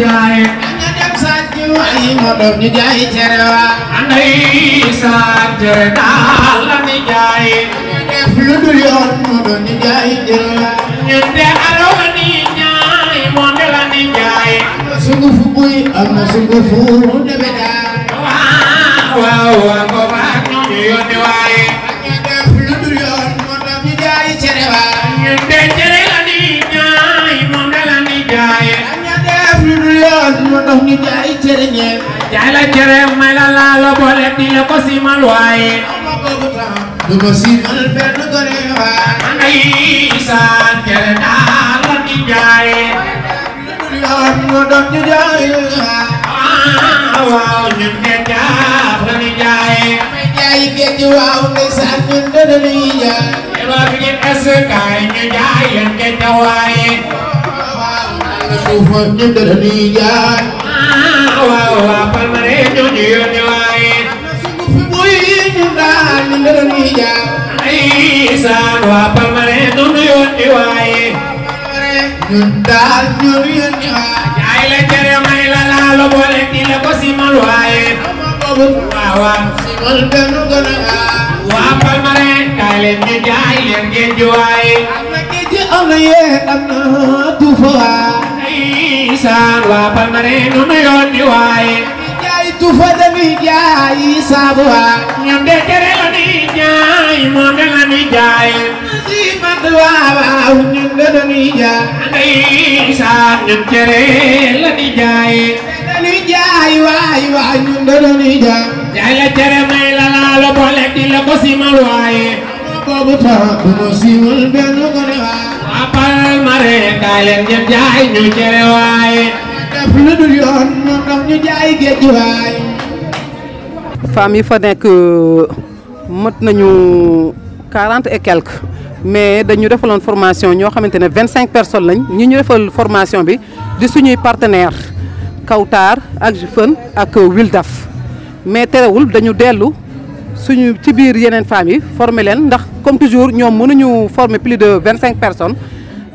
jaay ñu dem sàcc waaye ma doom ñu jaay cere waa anay saa cere daal la ni jaay ñu def lu dul yoon ma doom ñu jaay cere waa ñu de alo la ni jaay moo de la ni jaay am na sunguf buy am na sunguf mu deme daal waaw waaw waaw ko baax ñu yónni waa sëriñee jaay la cere may la laa la boole di la ko siimal waaye du ma siimal benn gore waa man ay isaan cere daal la di jaay mu doon ñu jaay waaw ñun de jaaf la di jaay jaay géej waaw ndeysaan ñun de dañuy jaay eba bi ñu eskaay ñu jaay yéen géej waaye waaw ñun de dañuy jaay oha oha palmare ñooñu yónni waaye muy ñu daal ñu dërëm yi jaar ay saan waa palmare ñooñu yónni waaye ñu daal ñooñu yónni waaye jaay la jëre may la laa lo boole di la ko simal waaye waaw waaw simal benn gën a waa palmare kaay leen ñu jaay leen ngeen ji waaye am na géej am na yéen am na tuufa isaan waa palmarin nu nu yónni waaye jaay tufa dañuy jaay saabu waa ñoom de cere la ñuy jaay moom de la ñuy jaay si mat waa waaw ñoom de dañuy jaay day isaan ñoom cere la ñuy jaay dañuy jaay waay waay ñoom de dañuy jaay jaay la cere may la laalo boole di la ko simal waaye boobu tax bu ma siiwal benn ko ne Famille mare 40 et quelques mais dañu formation ño xamantene personnes lañ avons ñu formation bi partenaires, suñuy partenaire Kawtar Wildaf mais nous dañu une suñu ci former comme toujours former plus de 25 personnes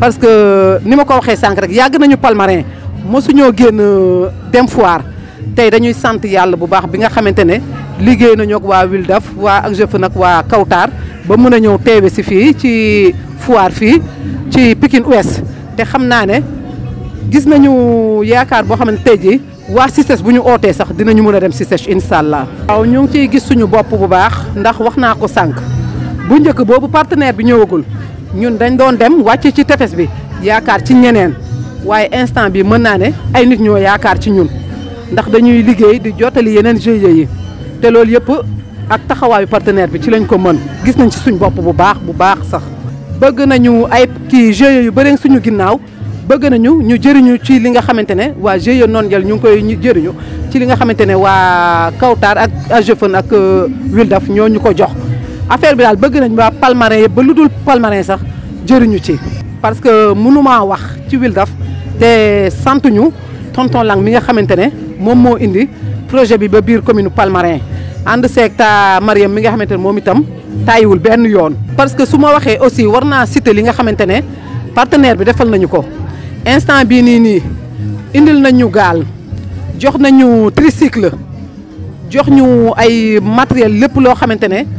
parce que ni ma ko waxee sànq rek yàgg nañu palmarin mosuñoo génn euh, dem foire tey dañuy sant yàlla bu baax bi nga xamante ne liggéey nañu ak waa Wildaf waa ak jëf nag waa Kawtaar ba mën a ñëw teewe si fii ci foire fii ci Pikine Ouest te xam naa gis nañu yaakaar boo xam ne tey jii waa Cices bu ñu ootee sax dinañu mën a dem Cices incha allah. waaw ñu ngi ciy gis suñu bopp bu baax ndax wax naa ko Sank, bu njëkk boobu partenaire bi ñëwagul. ñun dañ doon dem wàcc ci tefes bi yaakaar ci ñeneen waaye instant bi mën naa ne ay nit ñoo yaakaar ci ñun ndax dañuy liggéey di jottali yeneen GIE yi te loolu yëpp ak taxawaayu partenaire bi ci lañ ko mën gis nañ ci suñ bopp bu baax bu baax sax bëgg nañu ay kii GIE yu bëri suñu ginnaaw bëgg nañu ñu jëriñu ci li nga xamante ne waa GIE noonu jël ñu ngi koy jëriñu ci li nga xamante ne waa Kawtar ak AGFON ak euh, Wildaf ñoo ñu ko jox affaire bi dal bëgg nañ ba palmarin ba lu palmarin sax jëriñu ci parce que mënumaa wax ci Wildaf té santuñu tonton Lang mi nga xamantene mom mo indi projet bi ba biir commune palmarin ànd seeg ta Mariam mi nga xamantene mom itam tayiwul benn yoon parce que suma ma waxee aussi war naa citer li nga xamantene partenaire bi defal nañu ko instant bii nii nii indil nañu gaal jox nañu tricycle jox ñu ay matériel lépp loo xamante ne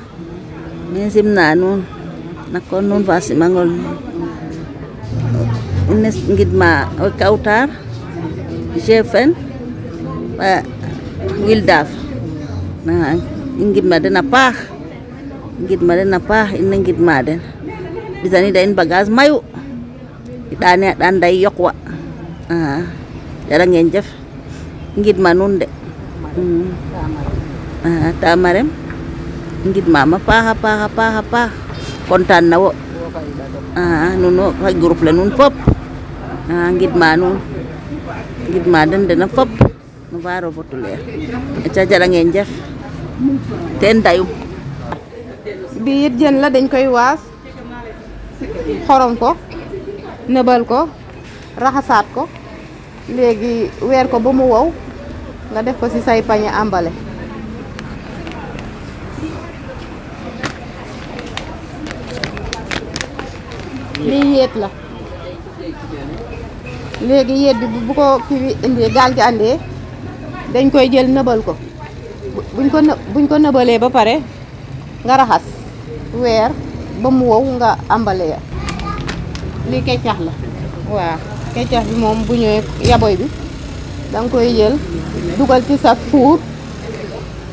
Minsim na ano, nakonon pa si Mangol. Ines ngid ma, o kautar, jefen, pa wildaf. Na, ingid ma din napah. Ingid ma din ina iningid ma din. Bisa ni dain bagaz mayu. Idane dan dai yokwa. Ah, jarang enjef. Ingid manun de. Hmm. Ah, tamarem ngid mama paha paha paha paha kontan na wo ah, ah nuno kay grup la nun fop ah ngid ma nun ngid ma dan dana pop no varo fotule ca jara ngeen jef ten dayu bi jen jën la dañ koy was xorom ko nebal ko rahasat ko legi wer ko bamu wow nga def ko ci say pañe ambale lii yéet la léegi yéet bi bu ko ki bi indee gaal gi àndee dañ koy jël nëbal ko buñ ko buñ ko nëbalee ba pare nga raxas weer ba mu wow nga àmbale ya lii keccax la waaw keccax bi moom bu ñëwee yaboy bi da koy jël dugal ci sa fuur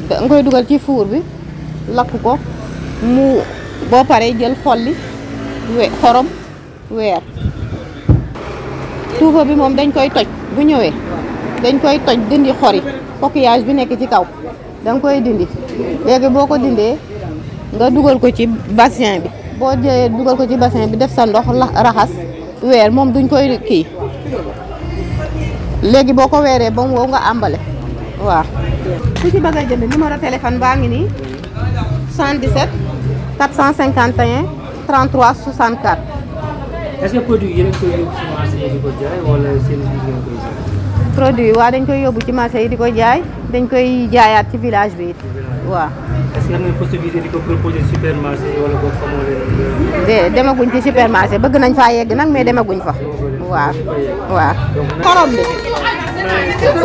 da koy dugal ci fuur bi lakk ko mu boo paree jël xolli xorom weer tuufa bi mom dañ koy toj bu ñëwee dañ koy toj dindi xori coquillage bi nekk ci kaw dang koy dindi léegi boo ko dindee nga dugal ko ci bassin bi boo jëyee dugal ko ci bassin bi def sa ndox raxas weer mom duñ koy kii léegi boko ko weeree ba mu wow nga àmbale waaw ku ci bëgg a jënd numéro téléphone baa ngi nii 77 451 33 64. est-ce produit yi dañ koy yóbbu ci marché yi di koy jaay. produit yi waaw dañ koy yóbbu ci marché yi di ko jaay dañ koy jaayaat ci village bi it waaw. est-ce que am nga possibilité di ci supermarché bëgg nañ faa yegg nag mais demaguñ fa. waaw waaw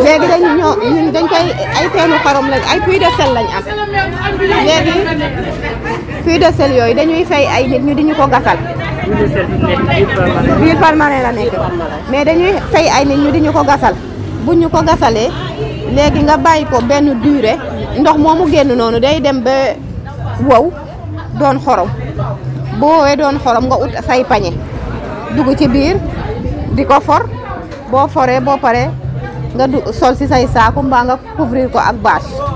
léegi dañu ñoo dañ koy ay teenu xorom lañ ay puits de sel lañ am léegi puits de sel yooyu dañuy fay ay nit ñu di ñu ko gasal. biir permanent mais dañuy fay ay nit ñu di ñu ko gasal bu ñu ko gasalee léegi nga bàyyi ko benn durée ndox moomu génn noonu day dem ba wow doon xorom boo woowee doon xorom nga ut say pañe dugg ci biir di ko for boo foree boo paree. nga du sol si say saako mbaa nga couvrir ko ak bâche